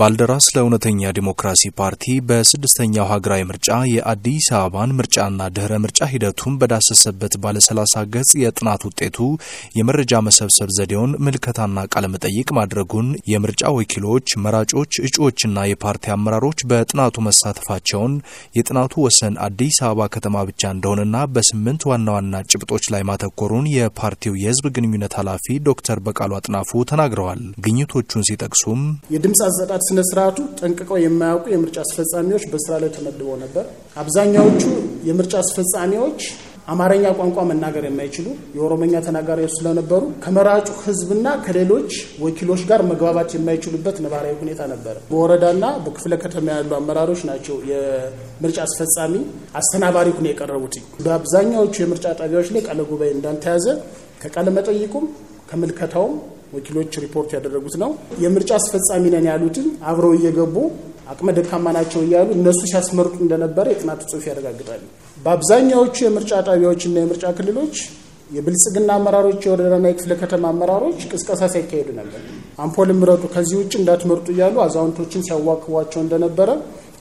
ባልደራስ ለእውነተኛ ዲሞክራሲ ፓርቲ በስድስተኛው ሀገራዊ ምርጫ የአዲስ አበባን ምርጫና ድህረ ምርጫ ሂደቱን በዳሰሰበት ባለ 30 ገጽ የጥናት ውጤቱ የመረጃ መሰብሰብ ዘዴውን ምልከታና መጠይቅ ማድረጉን የምርጫ ወኪሎች፣ መራጮች፣ እጩዎችና የፓርቲ አመራሮች በጥናቱ መሳተፋቸውን የጥናቱ ወሰን አዲስ አበባ ከተማ ብቻ እንደሆነና በስምንት ዋና ዋና ጭብጦች ላይ ማተኮሩን የፓርቲው የህዝብ ግንኙነት ኃላፊ ዶክተር በቃሉ አጥናፉ ተናግረዋል። ግኝቶቹን ሲጠቅሱም አሰጣጥ ስነ ስርዓቱ ጠንቅቀው የማያውቁ የምርጫ አስፈጻሚዎች በስራ ላይ ተመድበው ነበር። አብዛኛዎቹ የምርጫ አስፈጻሚዎች አማርኛ ቋንቋ መናገር የማይችሉ የኦሮመኛ ተናጋሪዎች ስለነበሩ ከመራጩ ሕዝብና ከሌሎች ወኪሎች ጋር መግባባት የማይችሉበት ነባራዊ ሁኔታ ነበረ። በወረዳና በክፍለ ከተማ ያሉ አመራሮች ናቸው የምርጫ አስፈጻሚ አስተናባሪ ሁኔ የቀረቡት። በአብዛኛዎቹ የምርጫ ጣቢያዎች ላይ ቃለ ጉባኤ እንዳልተያዘ ከቃለ መጠይቁም ከምልከታውም ወኪሎች ሪፖርት ያደረጉት ነው። የምርጫ አስፈጻሚ ነን ያሉትን አብረው እየገቡ አቅመ ደካማ ናቸው እያሉ እነሱ ሲያስመርጡ እንደነበረ የጥናቱ ጽሁፍ ያረጋግጣል። በአብዛኛዎቹ የምርጫ ጣቢያዎችና የምርጫ ክልሎች የብልጽግና አመራሮች የወረዳና የክፍለ ከተማ አመራሮች ቅስቀሳ ሲያካሄዱ ነበር። አምፖል ምረጡ፣ ከዚህ ውጭ እንዳትመርጡ እያሉ አዛውንቶችን ሲያዋክቧቸው እንደነበረ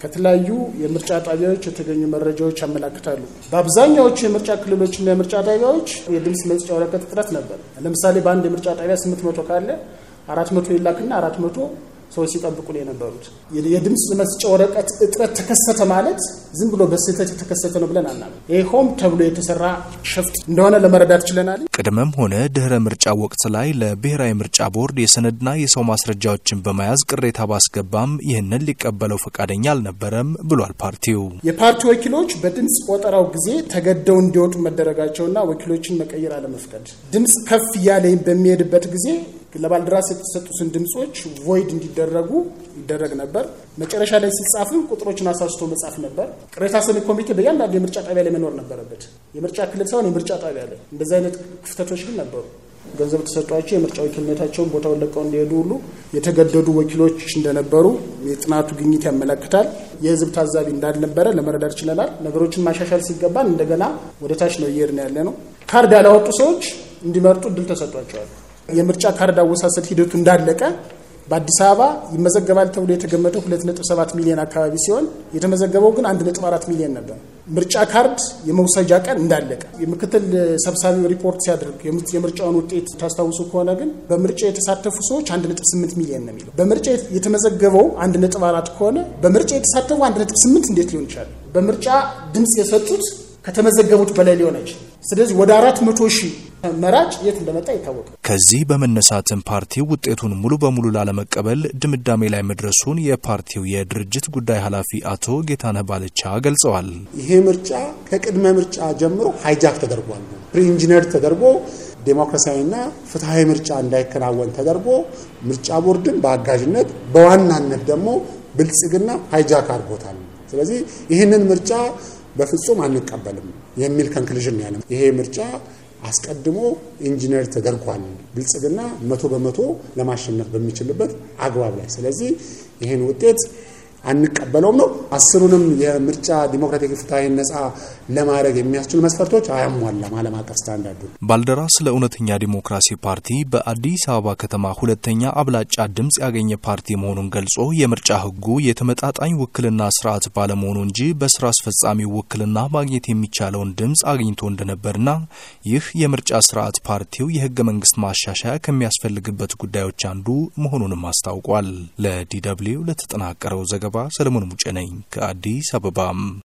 ከተለያዩ የምርጫ ጣቢያዎች የተገኙ መረጃዎች ያመላክታሉ። በአብዛኛዎቹ የምርጫ ክልሎችና የምርጫ ጣቢያዎች የድምፅ መስጫ ወረቀት እጥረት ነበር። ለምሳሌ በአንድ የምርጫ ጣቢያ ስምንት መቶ ካለ አራት መቶ ይላክና አራት መቶ ሰዎች ሲጠብቁ ነው የነበሩት። የድምፅ መስጫ ወረቀት እጥረት ተከሰተ ማለት ዝም ብሎ በስህተት የተከሰተ ነው ብለን አናለ። ይህ ሆም ተብሎ የተሰራ ሸፍት እንደሆነ ለመረዳት ችለናል። ቅድመም ሆነ ድህረ ምርጫ ወቅት ላይ ለብሔራዊ ምርጫ ቦርድ የሰነድና የሰው ማስረጃዎችን በመያዝ ቅሬታ ባስገባም ይህንን ሊቀበለው ፈቃደኛ አልነበረም ብሏል። ፓርቲው የፓርቲ ወኪሎች በድምፅ ቆጠራው ጊዜ ተገደው እንዲወጡ መደረጋቸውና ወኪሎችን መቀየር አለመፍቀድ ድምፅ ከፍ እያለ በሚሄድበት ጊዜ ለባልደራስ የተሰጡትን ድምፆች ቮይድ እንዲደረጉ ይደረግ ነበር። መጨረሻ ላይ ሲጻፍም ቁጥሮችን አሳስቶ መጻፍ ነበር። ቅሬታ ሰሚ ኮሚቴ በእያንዳንዱ የምርጫ ጣቢያ ላይ መኖር ነበረበት። የምርጫ ክልል ሳይሆን የምርጫ ጣቢያ ላይ። እንደዚህ አይነት ክፍተቶች ግን ነበሩ። ገንዘብ ተሰጧቸው የምርጫ ወኪልነታቸውን ቦታውን ለቀው እንዲሄዱ ሁሉ የተገደዱ ወኪሎች እንደነበሩ የጥናቱ ግኝት ያመለክታል። የህዝብ ታዛቢ እንዳልነበረ ለመረዳት ችለናል። ነገሮችን ማሻሻል ሲገባን እንደገና ወደ ታች ነው እየሄድን ያለ ነው። ካርድ ያላወጡ ሰዎች እንዲመርጡ እድል ተሰጧቸዋል። የምርጫ ካርድ አወሳሰድ ሂደቱ እንዳለቀ በአዲስ አበባ ይመዘገባል ተብሎ የተገመተው 2.7 ሚሊዮን አካባቢ ሲሆን የተመዘገበው ግን 1.4 ሚሊዮን ነበር። ምርጫ ካርድ የመውሰጃ ቀን እንዳለቀ የምክትል ሰብሳቢው ሪፖርት ሲያደርግ የምርጫውን ውጤት ታስታውሱ ከሆነ ግን በምርጫ የተሳተፉ ሰዎች 1.8 ሚሊዮን ነው የሚለው። በምርጫ የተመዘገበው 1.4 ከሆነ በምርጫ የተሳተፉ 1.8 እንዴት ሊሆን ይችላል? በምርጫ ድምፅ የሰጡት ከተመዘገቡት በላይ ሊሆን አይችልም። ስለዚህ ወደ 400 ሺህ መራጭ የት እንደመጣ ይታወቃል። ከዚህ በመነሳትም ፓርቲው ውጤቱን ሙሉ በሙሉ ላለመቀበል ድምዳሜ ላይ መድረሱን የፓርቲው የድርጅት ጉዳይ ኃላፊ አቶ ጌታነህ ባልቻ ገልጸዋል። ይሄ ምርጫ ከቅድመ ምርጫ ጀምሮ ሃይጃክ ተደርጓል። ፕሪኢንጂነር ተደርጎ ዴሞክራሲያዊና ፍትሐዊ ምርጫ እንዳይከናወን ተደርጎ ምርጫ ቦርድን በአጋዥነት በዋናነት ደግሞ ብልጽግና ሃይጃክ አድርጎታል። ስለዚህ ይህንን ምርጫ በፍጹም አንቀበልም የሚል ከንክልዥን ያለ ይሄ ምርጫ አስቀድሞ ኢንጂነር ተደርጓል። ብልጽግና መቶ በመቶ ለማሸነፍ በሚችልበት አግባብ ላይ ስለዚህ ይህን ውጤት አንቀበለውም ነው። አስሩንም የምርጫ ዲሞክራቲክ ፍትሐዊ ነጻ ለማድረግ የሚያስችሉ መስፈርቶች አያሟላም ዓለም አቀፍ ስታንዳርዱ። ባልደራስ ለእውነተኛ ዲሞክራሲ ፓርቲ በአዲስ አበባ ከተማ ሁለተኛ አብላጫ ድምፅ ያገኘ ፓርቲ መሆኑን ገልጾ የምርጫ ህጉ የተመጣጣኝ ውክልና ስርዓት ባለመሆኑ እንጂ በስራ አስፈጻሚ ውክልና ማግኘት የሚቻለውን ድምፅ አግኝቶ እንደነበርና ይህ የምርጫ ስርዓት ፓርቲው የህገ መንግስት ማሻሻያ ከሚያስፈልግበት ጉዳዮች አንዱ መሆኑንም አስታውቋል። ለዲ ደብልዩ ለተጠናቀረው ዘገባ ዘገባ ሰለሞን ሙጬ ነኝ ከአዲስ አበባም